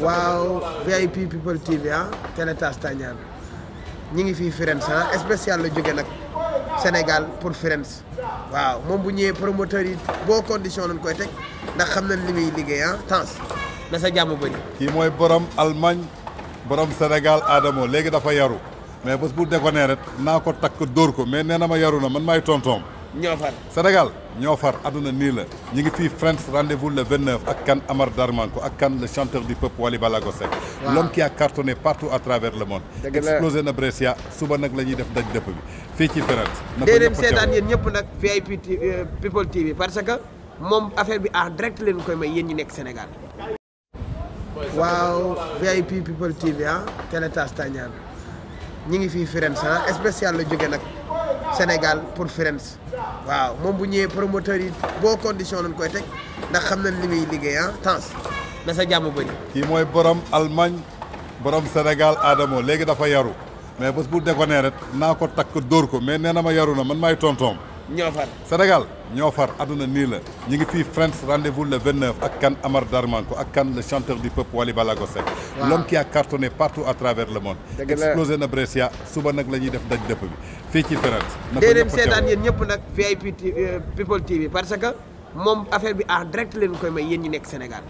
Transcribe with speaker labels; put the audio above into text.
Speaker 1: waaw VIP People TV ah Télétas Tandian ñi ngi fii Firenze ah spécial la jóge nag Sénégal pour Firenze waaw moom bu ñëwee promoteur yi boo condition lañ koy teg ndax xam nañ li muy liggéey ah temps
Speaker 2: na sa jàmm bëri kii mooy borom Allemagne borom Sénégal Adamo léegi dafa yaru mais bés bu déconné rek naa ko takk dóor ko mais nee na ma yaru na man maay tontoom ñoo far Sénégal ñoo far àdduna nii la ñu ngi fii France rendez-vous le 29 ak kan Amar Darmanko ak kan le chanteur du peuple Wally Ballago Seck l'homme qui a partout à travers le monde explosé na Brescia suba nag la ñuy def daj dëpp bi fii ci France dee leen seetaan
Speaker 1: yéen ñëpp nag VIP euh, People parce que moom affaire bi en direct leen koy may yéen ñi nekk Sénégal waaw VIP People TV ah Télétas Tandiane ñi ngi fii Firenze ah spécial la jóge nag Sénégal pour Firenze waaw moom bu ñëwee promoteur yi boo condition lañ koy teg ndax xam nañ li muy liggéey ah temps na sa
Speaker 2: jàmm bëri. kii mooy borom Allemagne borom Sénégal Adamo léegi dafa yaru mais bés bu déconné rek naa ko takk dóor ko mais nee na ma yaru na man maay tontoom. Sénégal ñoo far àdduna nous la ñu ngi France rendez-vous le 29 ak kan Amar Darmanko ak kan le chanteur du peuple Wally Ballago l'homme qui a cartonné partout à travers le monde explosé na Brescia suba nag la ñuy def daj dëpp bi fii ci France dee dem seetaan
Speaker 1: ñëpp VIP People TV euh, parce que mon affaire bi en direct leen koy may ñi Sénégal